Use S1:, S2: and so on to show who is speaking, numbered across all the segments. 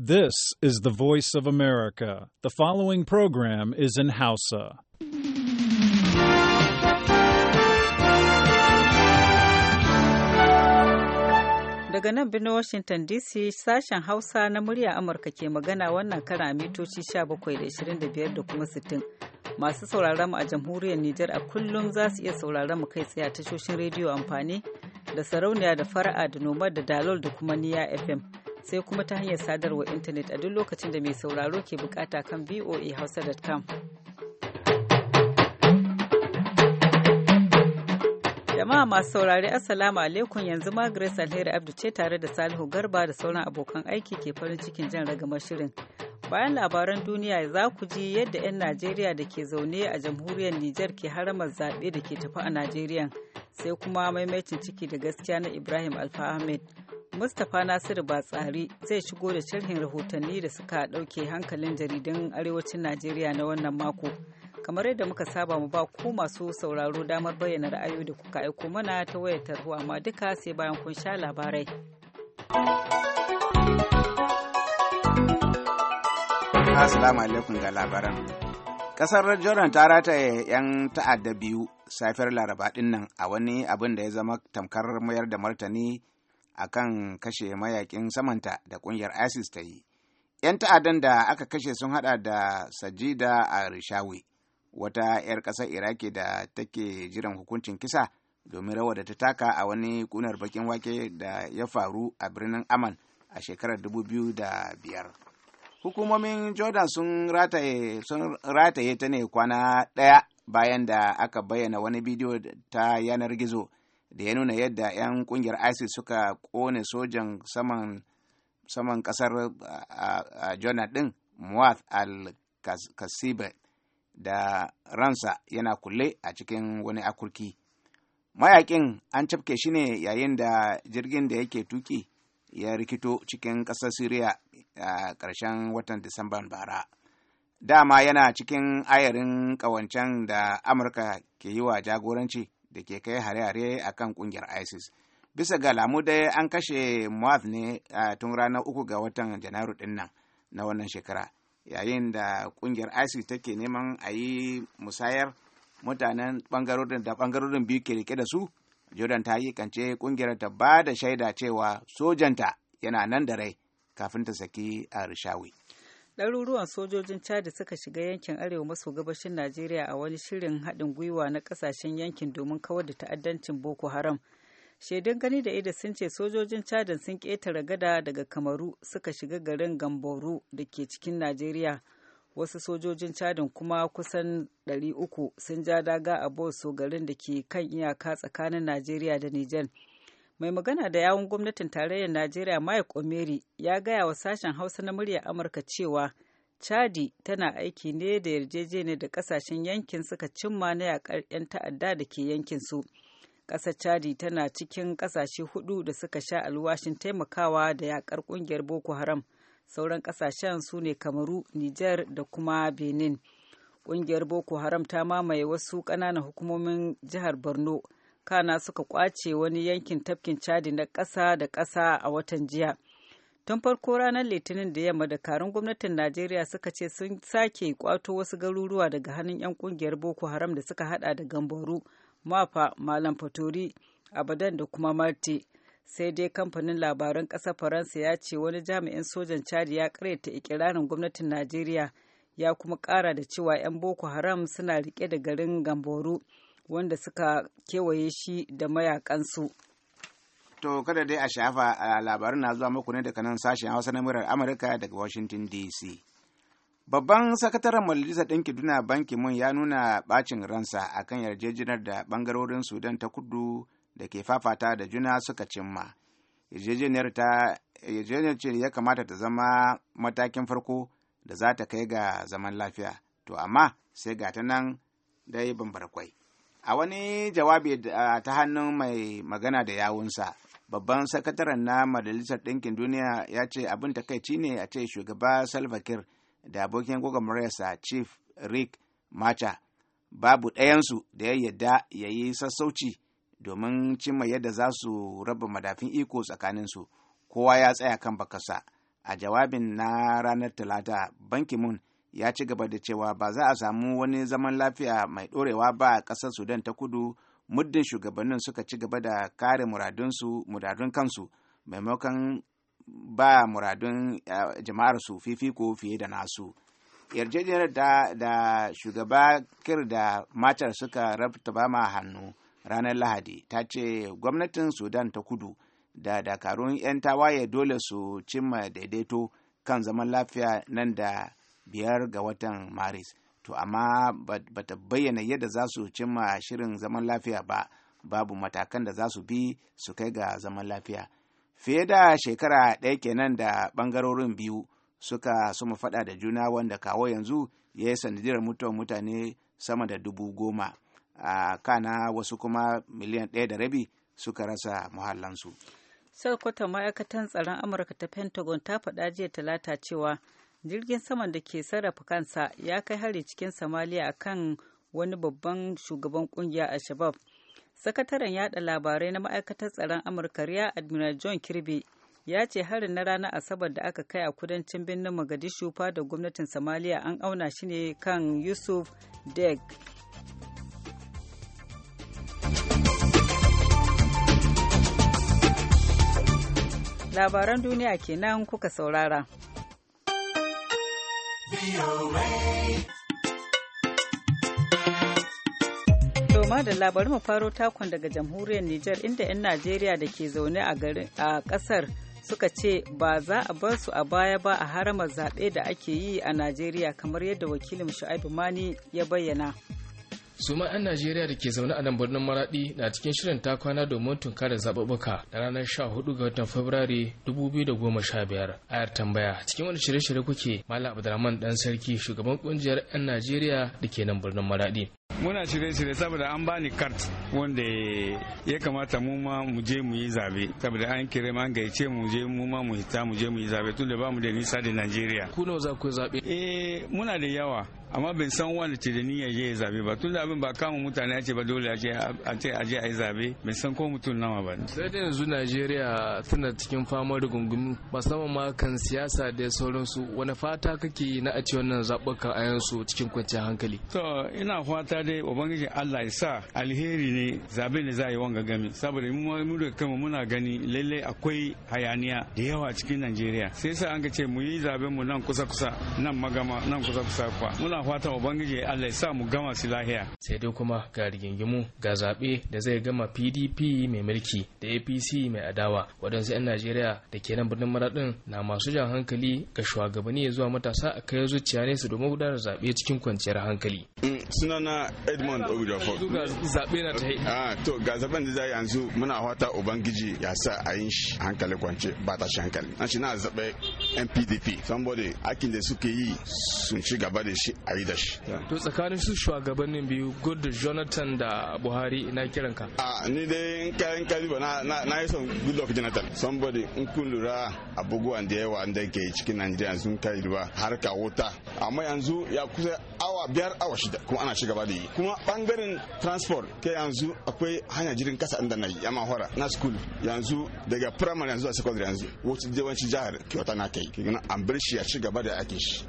S1: This is the voice of America. The following program is in Hausa. Daga nan birnin Washington DC sashen Hausa na murya Amurka ke magana wannan kara mitoci 17.25 da kuma 60. Masu sauraron mu a jamhuriyar Nijar a kullum za su iya sauraron mu kai tsaye a tashoshin rediyo amfani da sarauniya da fara'a da noma da dalol da kuma niya FM. sai kuma ta hanyar sadarwa intanet a duk lokacin da mai sauraro ke bukata kan voahausa.com. jama'a masu saurari assalamu alaikum yanzu ma grace alheri abdu ce tare da salihu garba da sauran abokan aiki ke farin cikin jan ragamar shirin bayan labaran duniya za ku ji yadda 'yan najeriya da ke zaune a jamhuriyar niger ke haramar zaɓe da ke tafi a najeriya sai kuma maimaicin ciki da gaskiya na ibrahim alfa ahmed Mustapha Nasiru Batsari zai shigo da sharhin rahotanni da suka ɗauke hankalin jaridun Arewacin Najeriya na wannan mako. Kamar yadda muka saba mu ba ku masu sauraro damar bayyana ra'ayoyi da kuka aiko mana ta wayar tarho amma duka sai bayan kun sha labarai.
S2: Assalamu alaikum ga labaran. Kasar Jordan ta rataye 'yan ta'adda biyu safiyar laraba ɗin nan a wani abin da ya zama tamkar mayar da martani akan kashe mayakin samanta da kungiyar isis ta yi 'yan ta'addan da aka kashe sun hada da sajida a rishawi wata 'yar ƙasar iraki da take jiran hukuncin kisa domin rawa da ta taka a wani kunar bakin wake da ya faru a birnin aman a shekarar 2005 hukumomin jordan sun rataye, sun rataye ta ne kwana ɗaya bayan da aka bayyana wani bidiyo ta yanar gizo da ya nuna yadda 'yan kungiyar isis suka kone sojan saman saman kasar jona din muath al kasiba da ransa yana kulle a cikin wani akurki mayakin an cafke shi ne yayin da jirgin da yake tuki ya rikito cikin ƙasar siriya a ƙarshen watan disamban bara dama yana cikin ayarin ƙawancen da amurka ke yi wa jagoranci da ke kai hare-hare a kan ƙungiyar isis bisa ga lamu dai an kashe muaz ne a tun ranar uku ga watan janairu dinnan na wannan shekara yayin da ƙungiyar isis take neman a yi musayar mutanen ɓangarorin da bangarorin biyu ke rike da su jordan ta yi kance ƙungiyar ta ba da shaida cewa sojanta yana nan da rai kafin ta saki a rishawi.
S1: ɗaruruwan sojojin chad suka shiga yankin arewa maso gabashin najeriya a wani shirin haɗin gwiwa na ƙasashen yankin domin kawar da ta'addancin boko haram shaidun gani da ida sun ce sojojin chad sun ƙetare gada daga kamaru suka shiga garin gamboru da ke cikin najeriya wasu sojojin chad kuma kusan 300 sun ja daga a boso garin da ke kan iyaka tsakanin najeriya da nijar mai magana da yawun gwamnatin tarayyar najeriya mike omeri ya gaya wa sashen hausa na murya amurka cewa chadi tana aiki ne da yarjejeniyar da kasashen yankin suka cimma na yakar 'yan ta'adda da ke yankin su ƙasar chadi tana cikin ƙasashe hudu da suka sha alwashin taimakawa da yakar ƙungiyar boko haram sauran ƙasashen su ne kamaru niger da kuma benin ƙungiyar boko haram ta mamaye wasu ƙananan hukumomin jihar borno kana suka kwace wani yankin tafkin chadi na ƙasa da ƙasa a watan jiya tun farko ranar litinin da yamma dakarun gwamnatin najeriya suka ce sun sake kwato wasu garuruwa daga hannun 'yan kungiyar boko haram da suka hada da gambaru mafa malam fatori abadan da kuma marti sai dai kamfanin labaran ƙasar faransa ya ce wani jami'in sojan chadi ya karyata ikirarin gwamnatin najeriya ya kuma kara da cewa 'yan boko haram suna rike da garin gamboru wanda suka kewaye shi da mayakansu.
S2: To kada dai a shafa labarin na zuwa muku ne daga nan sashen Hausa na murar Amurka daga Washington DC. Babban sakataren Majalisar Ɗinki Duna Banki Mun ya nuna bacin ransa a kan yarjejeniyar da ɓangarorin Sudan ta kudu da ke fafata da juna suka cimma. Yarjejeniyar ta yarjejeniyar ce ya kamata ta zama matakin farko da za ta kai ga zaman lafiya. To amma sai ga ta nan dai bambarkwai. a wani jawabi ta hannun mai magana da yawunsa babban sakataren na majalisar ɗinkin duniya ya ce abin takaici ne a ce shugaba salva da abokin gwagwarmayarsa chief rick macha babu ɗayansu da ya yadda ya yi sassauci domin cimma yadda za su raba madafin iko tsakaninsu kowa ya tsaya kan bakarsa a jawabin na ranar talata banki mun ya ci gaba da cewa ba za a samu wani zaman lafiya mai ɗorewa ba a ƙasar sudan ta kudu muddin shugabannin suka ci gaba da kare muradunsu muradun kansu maimakon ba muradun jama'ar su fifiko fiye da nasu yarjejeniyar da, da shugaba kir da matar suka rabta ma hannu ranar lahadi ta ce gwamnatin sudan ta kudu da dakarun 'yan tawaye dole su cimma daidaito kan zaman lafiya nan da biyar ga watan maris to amma bata bayyana yadda za su cimma shirin zaman lafiya ba babu matakan da za su bi su kai ga zaman lafiya fiye da shekara ɗaya kenan da ɓangarorin biyu suka suma faɗa da juna wanda kawo yanzu ya yi sanadiyar mutuwar mutane sama da dubu goma a kana wasu kuma miliyan ɗaya da rabi suka rasa muhallansu.
S1: Sarkwata ma'aikatan tsaron Amurka ta Pentagon ta faɗa jiya talata cewa jirgin saman da ke sarrafa kansa ya kai hari cikin samaliya a kan wani babban shugaban kungiya a shabab sakataren yada labarai na ma'aikatar tsaron amurka riya admiral john kirby ya ce harin na ranar asabar da aka kai a kudancin birnin mogadishu da gwamnatin samaliya an auna shi ne kan yusuf deg labaran duniya kenan kuka saurara Doma da labarin mu faro takon daga jamhuriyar Nijar inda 'yan Najeriya da ke zaune a kasar suka ce ba za a bar su a baya ba a haramar zaɓe da ake yi a Najeriya kamar yadda wakilin Shu'aibu Mani ya bayyana.
S3: su ma 'yan najeriya da ke zaune a nan birnin maradi na cikin shirin ta kwana domin tunkara zaɓuɓɓuka da ranar 14 ga watan fabrairu 2015 ayar tambaya cikin wani shirye-shirye kuke malam abdulrahman dan sarki shugaban kungiyar 'yan najeriya da ke nan birnin maradi muna shirye-shirye saboda an bani kart wanda ya kamata mu ma mu je mu yi zabe saboda an kire ma an gaice mu je mu ma mu hita mu je mu yi zabe tunda ba mu da nisa da Najeriya ku nawa za ku zabe eh muna da yawa amma bin san wani tirani ya je ya zabe ba tun da abin ba kama mutane ya ce ba dole a ce a je a yi zabe bai san ko mutum nawa ba sai da yanzu najeriya tana cikin fama da gungumi musamman ma kan siyasa da sauransu wani fata kake na a ce wannan zaɓuka a yansu cikin kwanciyar hankali to ina fata dai ubangiji allah ya sa alheri ne zabe ne za a yi wanga gami saboda mu da kama muna gani lalle akwai hayaniya da yawa cikin najeriya sai sa an ka ce mu yi zaben mu nan kusa kusa nan magama nan kusa kusa kwa muna fatan ubangiji allah ya sa mu gama su lahiya sai dai kuma ga rigingimu ga zaɓe da zai gama pdp mai mulki da apc mai adawa waɗansu 'yan najeriya da ke nan birnin maraɗin na masu jan hankali ga shugabanni ya zuwa matasa a kai zuciya ne su domin gudanar zaɓe cikin kwanciyar hankali mm, sunana edmund ogudafo zaɓe na ta yi ah, to ga zaɓen da zai yanzu muna fata ubangiji ya sa a yin shi hankali kwance ba ta shi hankali an shi na zaɓe npdp somebody akin da suke yi sun ci gaba da shi a yi da shi. To tsakanin su shugabannin biyu gudu Jonathan da Buhari na kiran ka. A ni dai in ka in kaliba na na yi son Goodluck Jonathan somebody in kun lura abubuwan da yawa an da ke cikin Najeriya sun kai har ka wuta amma yanzu ya kusa awa biyar awa shida kuma ana shiga da yi kuma bangaren transport ke yanzu akwai hanya jirin kasa inda na yi yama hora na school yanzu daga primary yanzu a secondary yanzu wacce jawanci jihar Kyoto na kai kina an bar shi ya ci gaba da ake shi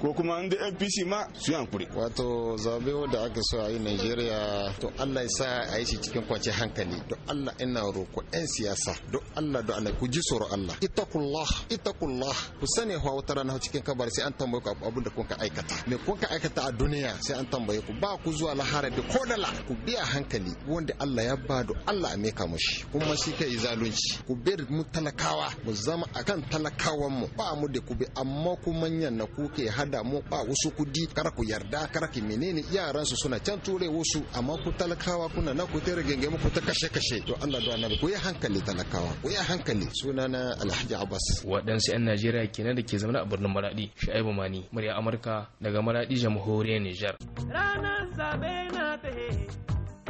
S3: ko kuma
S4: inda NPC ma su yi hankuri wato zabe da aka so a yi Najeriya to Allah ya sa a yi shi cikin kwanci hankali to Allah ina roko yan siyasa do Allah do Allah ku ji tsoro Allah itakullah itakullah ku sani hawa wata rana cikin kabar sai an tambaye ku abin da kun ka aikata me kun ka aikata a duniya sai an tambaye ku ba ku zuwa lahara da kodala ku biya hankali wanda Allah ya ba do Allah a meka mushi kuma shi kai zalunci ku bi mu talakawa mu zama akan talakawan mu ba mu da ku bi amma ku manyan na ku ke hada mu ba wasu ku kudi kar ku yarda kar ki menene yaran su suna can ture wasu amma ku talakawa kuna na ku tare genge muku ta kashe kashe to Allah da annabi ku yi hankali talakawa ku yi hankali sunana
S3: Alhaji Abbas wadansu 'yan Najeriya kenan da ke zama a birnin Maradi Shaibu Mani murya Amurka daga Maradi jamhuriyar Nijar
S4: ranar zabe na ta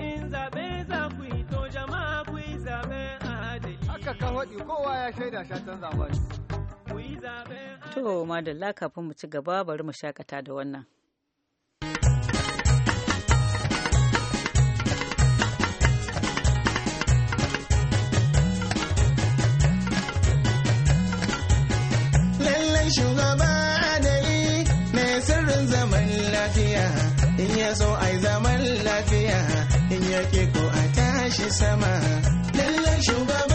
S4: in zabe za ku yi to jama'a ku zabe a hadali haka kan waɗi kowa ya
S1: shaida shatan zaben ku zabe To, madalla kafin mu ci gaba bari mu shakata da wannan.
S4: Lallai shugaba adali mai sirrin zaman lafiya, in ya so ai zaman lafiya, in ya ko a tashi sama. Lallai shugaba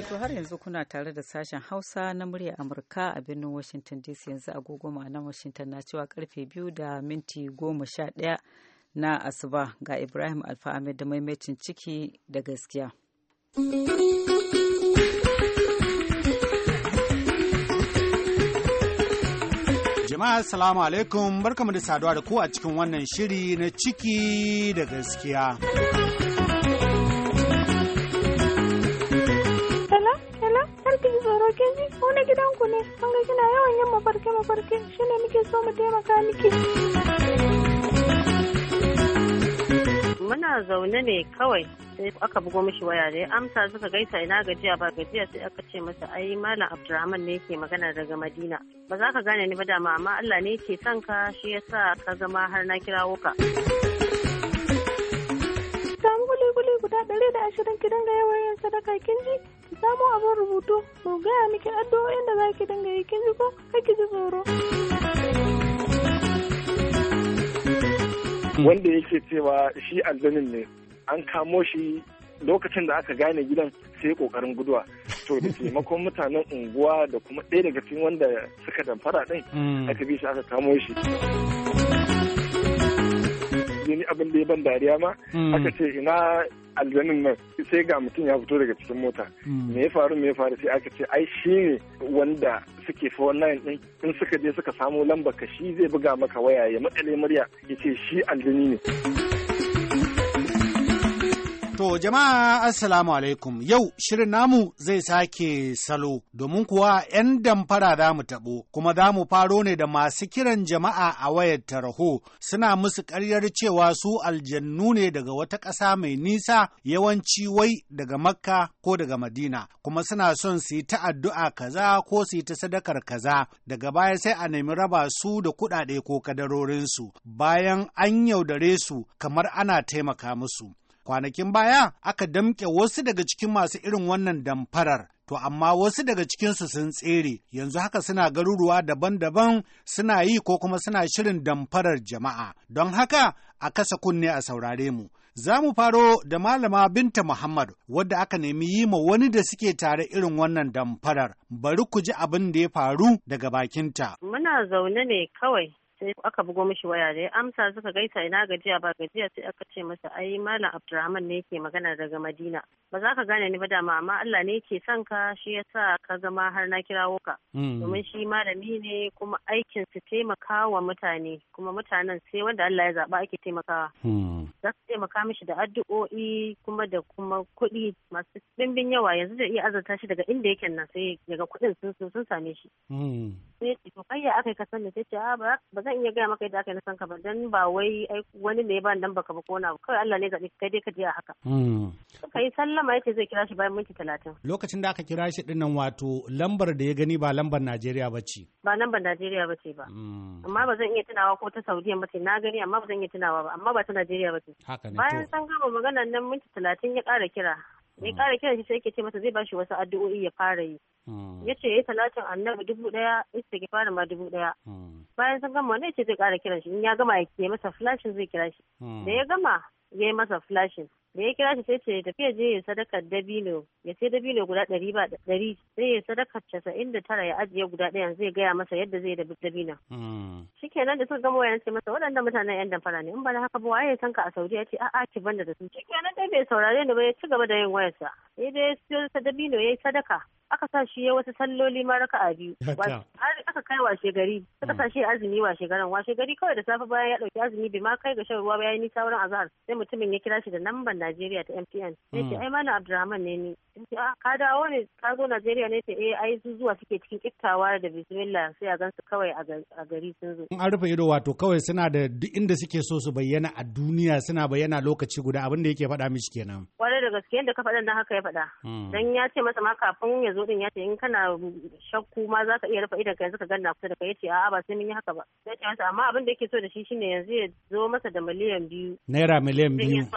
S1: yake to har yanzu kuna tare da sashen Hausa na murya Amurka a birnin Washington DC yanzu agogo ma'anan Washington na cewa karfe biyu da minti goma sha ɗaya na asuba ga Ibrahim Alfa Ahmed da maimacin ciki da gaskiya.
S5: Jama'a salamu alaikum barkamu da saduwa da ku a cikin wannan shiri na ciki da gaskiya.
S6: kin ji mu na ku ne an
S7: ga kina yawan yin mafarke shi shine muke so mu taimaka miki muna zaune ne kawai sai aka bugo mishi waya da ya amsa suka gaisa ina gajiya ba gajiya sai aka ce masa ai malam abdurrahman ne yake magana daga madina ba za ka gane ni ba dama amma allah ne yake son ka shi yasa ka zama har na kirawo ka
S6: samu guli-guli guda ɗari da ashirin ki dinga yawan yin sadaka kin ji ki samo abin rubutu mu gaya miki addu'o'in da zaki dinga yi kin ji ko kake ji tsoro
S8: wanda yake cewa shi aljanin ne an kamo shi lokacin da aka gane gidan sai kokarin guduwa to da taimakon mutanen unguwa da kuma ɗaya daga cikin wanda suka damfara ɗin hmm. aka bi shi aka kamo shi ni abin da ya ban dariya ma hmm. aka ce ina aljanin nan sai ga mutum ya fito daga cikin mota hmm. me ya faru me ya faru sai aka ce ai shi ne wanda suke fa wannan din in suka je suka samo lambar ka shi zai buga maka waya ya matsale murya ya ce shi aljani ne
S5: To jama'a assalamu alaikum yau shirin namu zai sake salo domin kuwa 'yan damfara za mu taɓo kuma za mu faro ne da masu kiran jama'a a wayar tarho suna musu karyar cewa su aljannu ne daga wata ƙasa mai nisa yawanci wai daga makka ko daga madina kuma suna son su yi ta addu'a kaza ko su yi ta sadakar kaza daga baya sai a nemi raba su da kuɗaɗe ko kadarorinsu bayan an yaudare su kamar ana taimaka musu kwanakin baya aka damke wasu daga cikin masu irin wannan damfarar. To amma wasu daga cikinsu sun tsere, yanzu haka suna garuruwa daban-daban suna yi ko kuma suna shirin damfarar jama'a. Don haka a kasa kunne a saurare mu. Za mu faro da Malama Binta Muhammad wadda aka nemi yi ma wani da suke tare irin wannan damfarar. Bari ku ji abin da ya faru daga bakinta.
S7: Muna zaune ne kawai sai aka bugo mishi waya da ya amsa suka gaisa ina gajiya ba gajiya sai aka ce masa ai malam abdulrahman ne yake magana daga madina ba za ka gane ni ba dama amma allah ne ke son ka shi ya sa ka zama har na kirawo ka mm. domin shi malami ne kuma aikin su taimaka mutane kuma mutanen sai wanda allah ya zaba ake taimakawa mm. za su taimaka mishi da addu'o'i kuma da kuma kuɗi masu ɗimbin yawa yanzu zai iya azurta shi daga inda yake nan sai daga kuɗin sun sun same shi. Mm. Sai ce to kai ya aka yi ka da sai ce ba zan iya gaya maka yadda aka yi na san ka ba dan ba wai wani ne ba dan baka ba ko na kawai Allah ne zaɓi kai dai ka je a haka. Hmm. Suka yi sallama yace zai kira shi bayan minti talatin.
S5: Lokacin da aka kira shi dinnan wato lambar da ya gani ba lambar Najeriya ba ce.
S7: Ba lambar Najeriya ba ce ba. Hmm. Amma ba zan iya tunawa ko ta Saudiya ba ce na gani amma ba zan iya tunawa ba amma ba ta Najeriya ba ce.
S6: Haka ne. Bayan san
S7: gama maganar nan minti talatin ya ƙara kira. Ya hmm. ƙara kira shi sai ke ce masa zai ba shi wasu addu'o'i ya fara yi. Hmm. ya ce yayi talatin annabi dubu daya fara ma dubu daya hmm. bayan sun gama ya ce zai kara kiran shi in ya gama ya ke masa flashin zai kira shi hmm. da ya gama ya yi masa flashin da ya kira shi sai ce tafiya je ya sadaka dabino ya sai dabino guda ɗari ba ɗari sai ya sadaka casa'in da tara ya ajiye guda ɗaya zai gaya masa yadda zai da dabino. shikenan da suka gama wayan ce masa waɗanda mutanen yan damfara ne in ba haka ba waye san ka a saudi ya ce a ki banda da su shikenan dai bai saurare ni ba ya ci gaba da yin wayarsa sai dai ya siyo ta dabino ya yi sadaka aka sa shi ya wasu salloli ma raka'a biyu aka kai washe gari aka sa mm. shi azumi washe garin washe gari kawai da safe bayan ya dauki azumi bai ma kai ga shan ruwa bayan nisa wurin azahar. sai mutumin ya kira shi da lambar Najeriya ta MTN sai ce mm. ai mana Abdulrahman ne ni ka dawo ne ka zo Najeriya ne ce eh ai zuwa suke cikin kiftawa da bismillah sai a gansu kawai a gari sun zo an
S5: rufe ido wato kawai suna da duk inda suke so su bayyana a duniya suna bayyana lokaci guda abin da yake faɗa mishi kenan
S7: kwarai da gaske yadda ka faɗa na haka ya faɗa mm. dan ya ce masa ma kafin ya zo zo din ya ce in kana shakku ma za ka iya rufe idan ka yanzu ka ganna kusa da kai ce a'a ba sai mun yi haka ba sai ce amma abin da yake so da shi shine yanzu ya zo masa da miliyan biyu
S5: naira miliyan biyu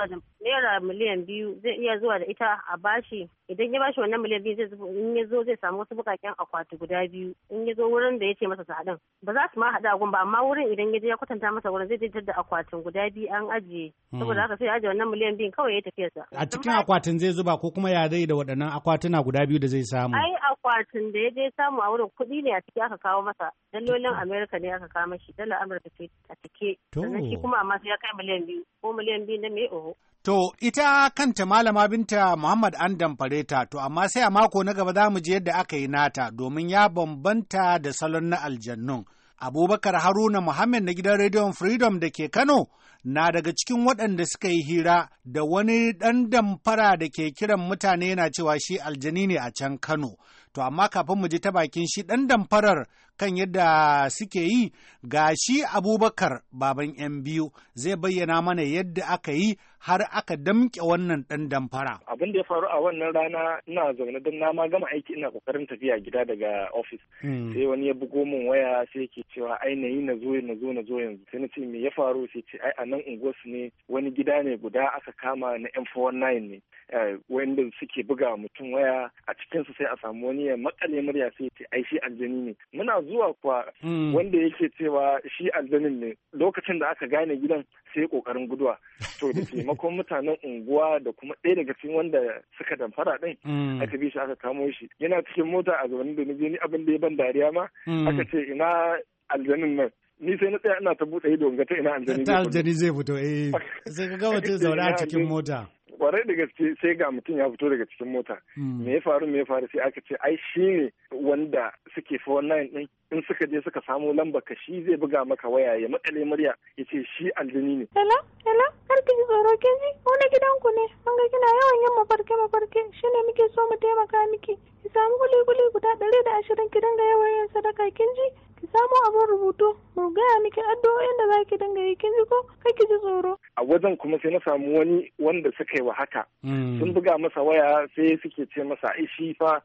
S7: naira miliyan biyu zai iya zuwa da ita a bashi idan ya bashi wannan miliyan biyu zai in ya zo zai samu wasu bukaken akwati guda biyu in ya zo wurin da ya ce masa su ba za su ma haɗa gun ba amma wurin idan ya je ya kwatanta masa wurin zai jidda da akwatin guda biyu an ajiye hmm. saboda haka sai ya ajiye wannan miliyan biyu kawai ya tafi sa a
S5: cikin akwatin zai zuba ko kuma ya zai da waɗannan akwatuna guda biyu da zai samu
S7: ai akwatin da ya je samu a wurin kuɗi ne a ciki aka kawo masa dalolin amerika ne aka kawo mashi dala amurka ce a cike sannan shi kuma amma sai ya kai miliyan biyu ko miliyan biyu na me oho
S5: To, ita kanta malama binta Muhammad an damfare ta, to amma sai a mako na gaba za mu je yadda aka yi nata domin ya bambanta da salon na aljannun. Abubakar Haruna Muhammad na gidan Radio Freedom da ke Kano na daga cikin waɗanda suka yi hira da wani ɗan damfara da ke kiran mutane yana cewa shi aljani ne a can Kano. To amma kafin mu je ta bakin shi ɗan damfarar kan yadda suke yi ga shi abubakar baban 'yan biyu zai bayyana mana yadda aka yi har aka damke wannan ɗan damfara.
S8: Abin da ya faru a wannan rana ina zaune don na ma gama aiki ina kokarin tafiya gida daga ofis. Hmm. Sai wani ya bugo min waya sai yake cewa ai na yi na zo na zo na zo yanzu. Sai na ce me ya faru sai ce ai a nan unguwarsu ne wani gida ne guda aka kama na 419 ne. Eh, Wanda suke buga mutum waya a cikinsu sai a samu wani ya makale murya sai ce ai shi aljani ne muna zuwa kuwa hmm. wanda yake cewa shi aljanin ne lokacin da aka gane gidan sai kokarin guduwa to da taimakon mutanen unguwa da kuma ɗaya daga cikin wanda suka damfara din hmm. aka bi shi aka kamo shi yana cikin mota a zaune da ni abin da ya ban dariya ma hmm. aka ce ina aljanin nan ni sai na tsaya ina ta buɗe ido ga ta ina aljani ta aljani zai
S5: fito eh
S8: sai ka ga mutum zaune a cikin mota kwarai da gaske sai ga mutum ya fito daga cikin mota hmm. me ya faru me ya faru sai aka ce ai shi ne wanda suke fa wannan din in suka je suka samu lamba ka shi zai buga maka waya ya makale murya ya ce shi aljini ne
S6: hello hello kar ki ji tsoro ke ji wani ku ne mun ga kina yawan yin mafarke mafarke ne muke so mu taimaka miki ki samu kuli kuli guda ɗari da ashirin ki dinga yawan yin sadaka kin ji ki samo abin rubutu mu gaya miki addu'o'in da zaki dinga yi kin ji ko kai ki ji
S8: tsoro a wajen kuma sai na samu wani wanda suka yi wa haka hmm. sun buga masa waya sai suke ce masa ai shi fa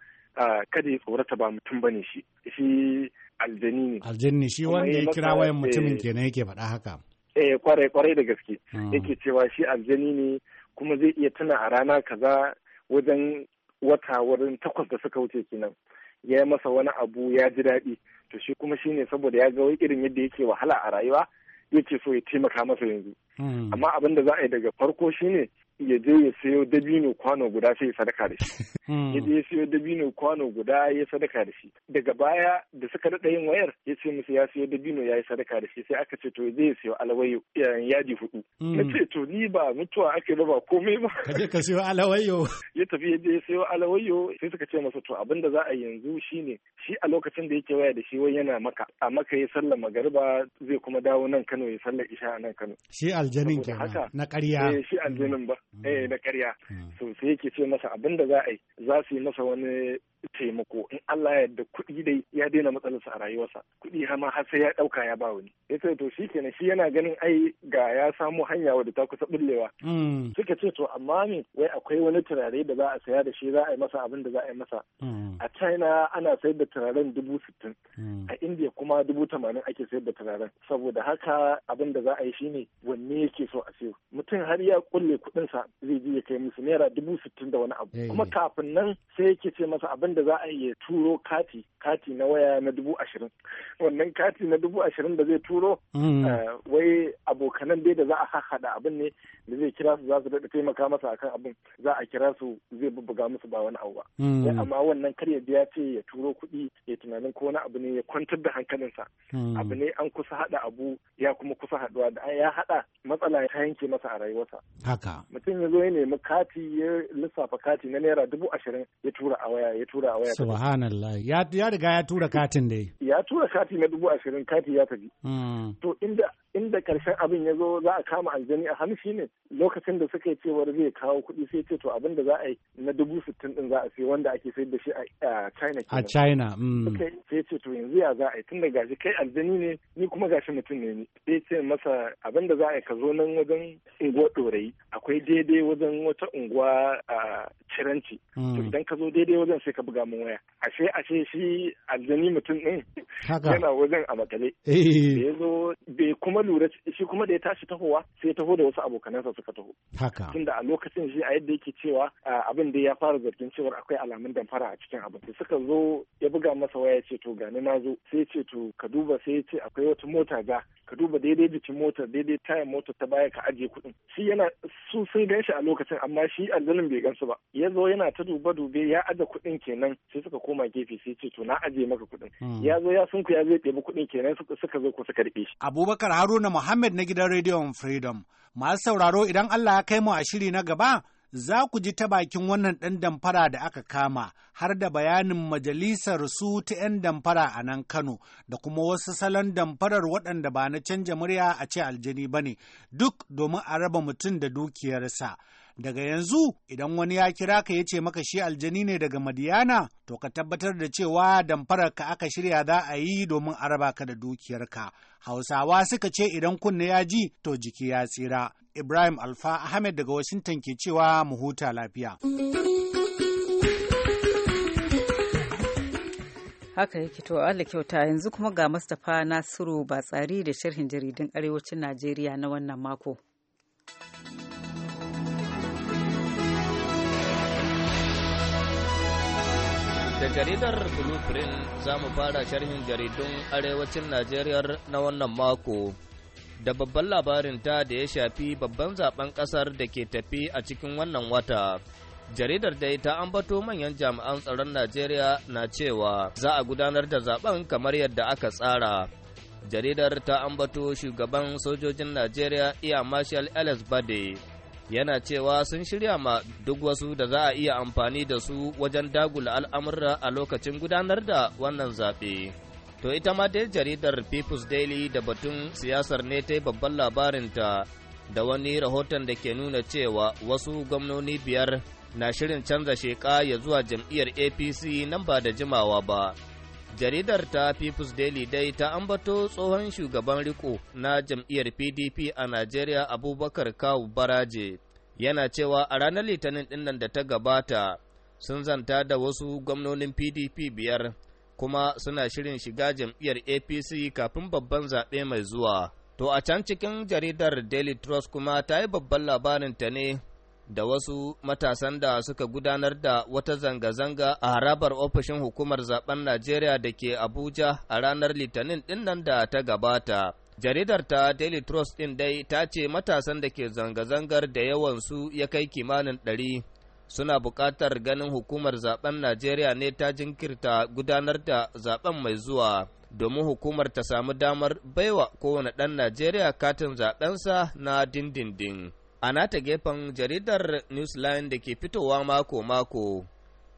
S8: kada ya tsorata ba mutum bane shi shi aljani ne aljani shi wanda ya kira wayan mutumin
S5: kenan yake faɗa haka
S8: eh kwarai kwarai da gaske hmm. yake cewa shi aljani ne kuma zai iya tuna a rana kaza wajen wata wurin takwas da suka wuce kenan ya yi masa wani abu ya ji daɗi to shi kuma shine saboda ya ga wai irin yadda yake wahala a rayuwa yake so ya taimaka masa yanzu hmm. amma abin da za a yi daga farko shine ya je ya sayo dabino kwano guda sai ya sadaka da shi hmm. ya je ya sayo dabino kwano guda ya sadaka da shi daga baya da suka daɗa yin wayar ya ce musu ya sayo dabino ya yi sadaka da shi sai aka ce to ya je ya sayo alawayo yadi hudu hmm. na ce to ni ba mutuwa ake ba ba komai ba ka je
S5: ka sayo alawayo
S8: ya tafi ya je ya sayo alawayo sai suka ce masa to abin da za a yanzu shine shi a lokacin da yake waya da shi wai yana maka a maka ya sallar magariba zai kuma dawo nan Kano ya sallar isha nan Kano
S5: shi aljanin kenan na ƙarya eh, shi
S8: aljanin ba eh da mm. karya mm. sosai sai yake ce masa abin da za a yi za su yi masa wani taimako in Allah ya yarda kuɗi dai ya daina matsalarsa a rayuwarsa kuɗi ma har sai ya ɗauka ya ba wani ya ce to shi kenan shi yana ganin ai ga ya samu hanya wadda ta kusa bullewa
S6: mm. suka
S8: ce to amma me wai akwai wani turare da za a saya da shi za a yi masa abin da za a yi masa mm. a China ana sayar da turaren dubu sittin mm. a India kuma dubu tamanin ake sayar da turaren saboda haka abin da za a yi shine wanne yake so a siyo mutum har ya kulle kuɗinsa zai je ya kai musu naira dubu sittin da wani abu eh. kuma kafin nan sai yake ce masa abin abin za a iya turo kati kati na waya na dubu ashirin wannan kati na dubu ashirin da zai turo mm. eh, wai abokanan dai da za a haɗa abin ne da zai kira su za su daɗa taimaka masa akan abin za a kira su zai bubbuga musu ba wani abu ba. Hmm. amma wannan kar ya biya ce ya turo kuɗi ya tunanin ko wani abu ne ya kwantar da hankalinsa. Hmm. abu ne an kusa haɗa abu ya kuma kusa haɗuwa da ya haɗa matsala ya yanke masa a rayuwarsa. haka. mutum ya zo ya nemi kati ya lissafa kati na naira dubu ashirin ya tura a waya ya tura a waya.
S5: subhanallah ya riga ya tura katin dai.
S8: ya tura kati na dubu ashirin kati ya tafi. Hmm. to inda inda karshen abin ya zo za a kama aljani a hannu shine lokacin da suka yi cewar zai kawo kuɗi sai ce to abin da za a yi na dubu sittin din za a sai wanda ake sayar da shi a China. A China. Mm. Sai ce to yanzu ya za a yi tun da gashi kai aljani ne ni kuma gashi mutum ne ni. Sai ce masa abin da za a yi ka zo nan wajen unguwa ɗorayi akwai daidai wajen wata unguwa a ciranci. Mm. To idan ka zo daidai wajen sai ka buga min waya. Ashe ashe shi aljani mutum ɗin yana wajen a makale. Eh. ya zo bai kuma lura shi kuma da ya tashi tahowa sai ya taho da wasu abokanansa suka taho haka tunda a lokacin shi a yadda yake cewa abin da ya fara zargin cewa akwai alamun damfara a cikin abin da suka zo ya buga masa waya ce to gani na zo sai ce to ka duba sai ya ce akwai wata mota ga ka duba daidai jikin mota daidai tayar mota ta baya ka ajiye kuɗin shi yana su sun gan shi a lokacin amma shi aljanin bai gan su ba ya zo yana ta duba dube ya aje kuɗin kenan sai suka koma gefe sai ce to na ajiye maka kuɗin hmm. ya zo ya sunku ya zai ɗebi kuɗin kenan suka zo ko suka shi
S5: abubakar Haruna Muhammad na gidan Rediyon Freedom. Masu sauraro idan Allah ya kai mu a shiri na gaba, za ku ji ta bakin wannan ɗan damfara da aka kama har da bayanin majalisar su ta 'yan damfara a nan Kano da kuma wasu salon damfarar waɗanda ba na canja murya a ce aljani ba ne, duk domin a raba mutum da dukiyarsa. daga yanzu idan wani ya kira ka ya ce maka shi aljani ne daga madiyana to ka tabbatar da cewa damfarar ka aka shirya za a yi domin a raba ka da dukiyarka hausawa suka ce idan kunne ya ji to jiki ya tsira ibrahim alfa ahmed daga washington ke cewa mu huta lafiya
S1: haka yake to Allah kyauta yanzu kuma ga Mustapha Nasiru ba tsari da sharhin jaridun arewacin Najeriya na wannan mako.
S9: Da jaridar Blueprint za mu fara sharhin jaridun arewacin Najeriya na wannan mako. Da babban labarin ta da ya shafi babban zaben kasar da ke tafi a cikin wannan wata. Jaridar da ta ambato manyan jami'an tsaron Najeriya na cewa za a gudanar da zaben kamar yadda aka tsara. Jaridar ta ambato shugaban sojojin Najeriya iya Marshal Ellis Bade. yana cewa sun shirya ma duk wasu da za a iya amfani da su wajen dagula al'amurra a lokacin gudanar da wannan zaɓe. To ita ma dai jaridar People's Daily da batun siyasar ne ta yi babban labarinta da wani rahoton da ke nuna cewa wasu gwamnoni biyar na shirin canza sheƙa ya zuwa jam'iyyar APC nan ba da jimawa ba. Jaridar ta People's Daily dai ta ambato tsohon shugaban riko na jam'iyyar PDP a Najeriya Abubakar Kawu Baraje yana cewa a ranar Litinin ɗinnan da ta gabata sun zanta da wasu gwamnonin PDP biyar kuma suna shirin shiga jam'iyyar APC kafin babban zaɓe mai zuwa. To a can cikin jaridar Daily Trust kuma ta yi babban labarin ta ne da wasu matasan da suka gudanar da wata zanga-zanga a harabar ofishin hukumar zaben Najeriya da ke Abuja a ranar Litinin nan da ta gabata. Jaridar ta Daily Trust ɗin dai ta ce matasan da ke zanga-zangar da yawansu ya kai kimanin ɗari suna buƙatar ganin hukumar zaben Najeriya ne ta jinkirta gudanar da zaben mai zuwa. domin hukumar ta samu damar baiwa kowane ɗan Najeriya katin zaɓensa na dindindin. A nata gefen jaridar Newsline da ke fitowa mako-mako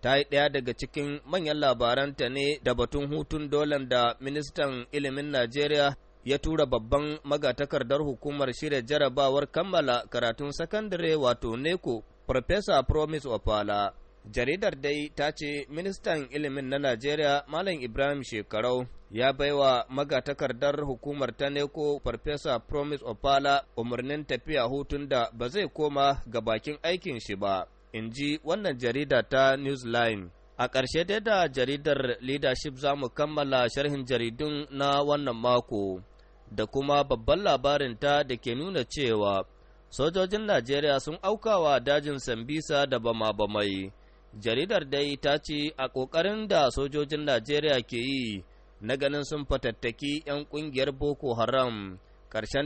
S9: ta yi ɗaya daga cikin manyan labaranta ne da batun hutun dolan da ministan ilimin Najeriya ya tura babban magatakardar hukumar shirya jarabawar kammala karatun sakandare wato neko Professor Promise Opala. Jaridar dai ta ce ministan ilimin na Najeriya Malam Ibrahim Shekarau ya baiwa magatakardar hukumar ta neko farfesa promise opala umarnin tafiya hutun da ba zai koma ga bakin aikin shi ba in ji wannan jarida ta newsline a ƙarshe dai da jaridar leadership za mu kammala sharhin jaridun na wannan mako da kuma babban labarin ta da ke nuna cewa sojojin najeriya sun aukawa dajin sambisa da bama-bamai jaridar dai ta ce a ƙoƙarin da sojojin najeriya ke yi na ganin sun fatattaki 'yan ƙungiyar Boko Haram.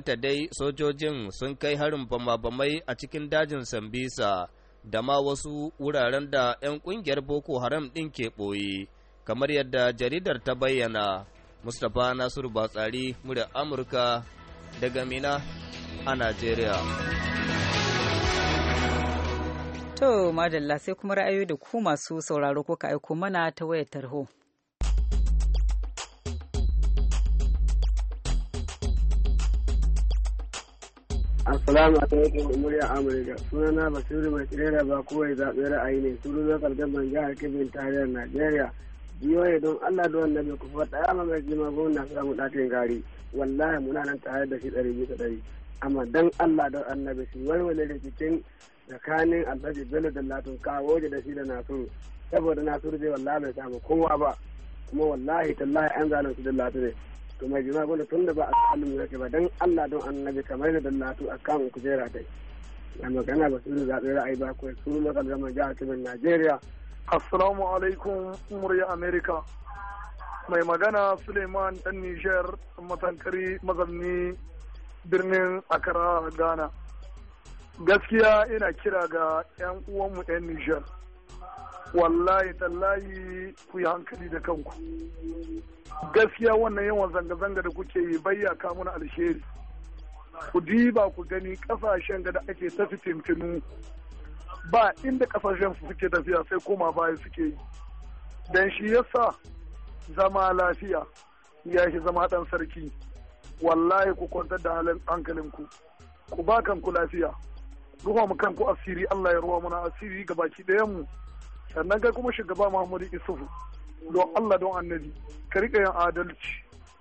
S9: ta dai sojojin sun kai harin bama-bamai a cikin dajin Sambisa da ma wasu wuraren da 'yan ƙungiyar Boko Haram ɗin ke ɓoye, kamar yadda jaridar ta bayyana. Mustapha Nasiru Batsari, murya Amurka daga Mina a Najeriya.
S1: To, madalla sai kuma ra'ayoyi da ku masu sauraro ko ka aiko mana ta wayar tarho. Assalamu
S8: alaikum murya Amurka. Sunana Basiru mai tsirera ba kowai zaɓe ra'ayi ne. Suru lokal
S3: gaban jihar Kebbi tarayyar Najeriya. Biyoye don Allah da wannan kufa ɗaya ma mai jima gwamna
S8: su samu ɗakin gari. Wallahi muna nan tare da shi ɗari biyu da ɗari. Amma don Allah da annabi shi walwale rikicin tsakanin alhaji bello da Latin kawo da shi da nasiru saboda nasiru zai wallahi bai samu kowa ba kuma wallahi tallahi an zalunci da Latin ne to mai jima gwada tun da ba a tsallin ya ba don Allah don annabi kamar da dallatu a kan
S10: kujera dai ya magana ba su zaɓe ra'ayi ba ko su matsal gama jihar Kebbi Najeriya. Assalamu alaikum murya Amerika. Mai magana Suleiman ɗan Nijar matankari mazanni birnin Akara Ghana. Gaskiya ina kira ga 'yan uwanmu 'yan Nijar. wallahi tallahi ku yi hankali da kanku gaskiya wannan yawan zanga-zanga da kuke yi bayya kamuna alsheri ku diba ku gani kasashen da ake ta tintinu ba inda kasashen su suke tafiya sai koma baya suke yi don shi yasa zama lafiya ya shi zama dan sarki wallahi ku kwantar da halin hankalinku ku ba kanku lafiya ruwa mu kanku asiri Allah ya ruwa muna asiri ga baki ɗayan mu sannan kai kuma shugaba muhammadu isufu don allah don annabi ka rika yin adalci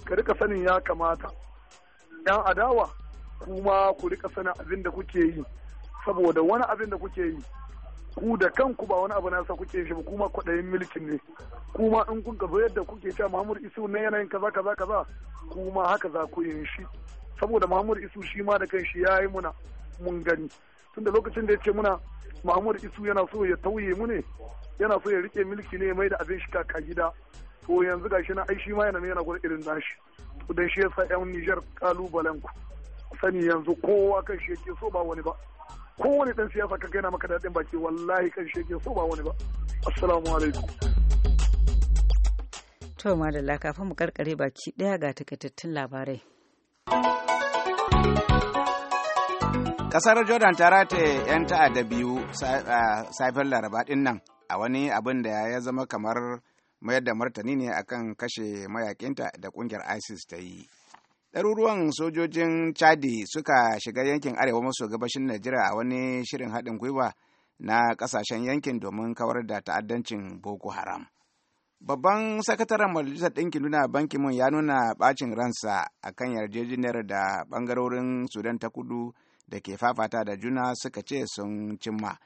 S10: ka rika sanin ya kamata yan adawa kuma ku rika sanin abin da kuke yi saboda wani abin da kuke yi ku da kanku ba wani abu na sa kuke shi ba kuma kwaɗayin milkin ne kuma in kun ka yadda kuke cewa Muhammadu Isu na yanayin kaza kaza kaza kuma haka za ku yin shi saboda Muhammadu Isu shi ma da kanshi ya yi muna mun gani tunda lokacin da ya ce muna Mahmud Isu yana so ya tauye mu ne yana so ya rike mulki ne mai da abin shi kaka gida to yanzu gashi na aishi ma yana yana gwada irin nashi dan shi yasa yan nijar kalubalen ku sani yanzu kowa kan shi yake so ba wani ba kowane dan siyasa ka gaina maka daɗin baki wallahi kan shi yake so ba wani ba assalamu alaikum
S1: to madalla kafin mu karkare baki daya ga takaitattun labarai
S2: kasar jordan ta rataye 'yan ta'adda biyu safiyar laraba din nan a wani abin da ya zama kamar mayar da martani ne akan kashe mayakinta da kungiyar isis ta yi ɗaruruwan sojojin chadi suka shiga yankin arewa maso gabashin najeriya a wani shirin haɗin gwiwa na ƙasashen yankin domin kawar da ta'addancin boko haram babban sakataren majalisar ɗinkin nuna banki mun ya nuna ɓacin ransa akan yarjejeniyar da ɓangarorin sudan ta kudu da ke fafata da juna suka ce sun cimma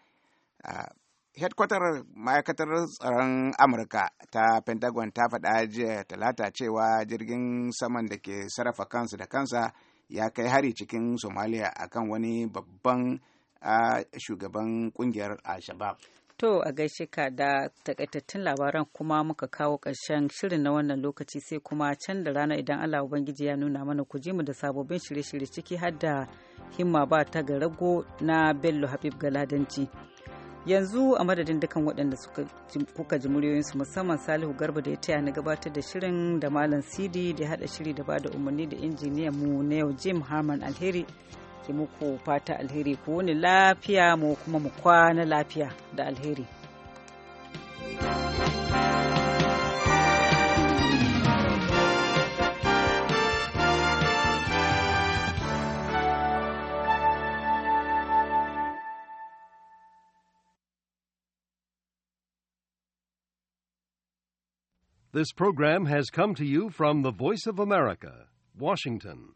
S2: headkwatar ma'aikatar tsaron amurka ta pentagon ta faɗa jiya talata cewa jirgin saman da ke sarrafa kansu da kansa ya kai hari cikin somalia akan wani babban shugaban kungiyar al shabaab
S1: To a gaishe ka da takaitattun labaran kuma muka kawo ƙarshen shirin na wannan lokaci sai kuma can da rana idan Allah Ubangiji ya nuna mana ku ji mu da sababbin shirye-shirye ciki har da himma ba ta ga rago na Bello Habib Galadanci. yanzu a madadin dukan waɗanda kuka ji muryoyinsu musamman salihu garba da ya taya na gabatar da shirin da malam sidi da ya haɗa shiri da ba da umarni da injiniyan mu na yau jim harman alheri muku fata alheri ku wani lafiya mu kuma mu kwana lafiya da alheri This program has come to you from the Voice of America, Washington.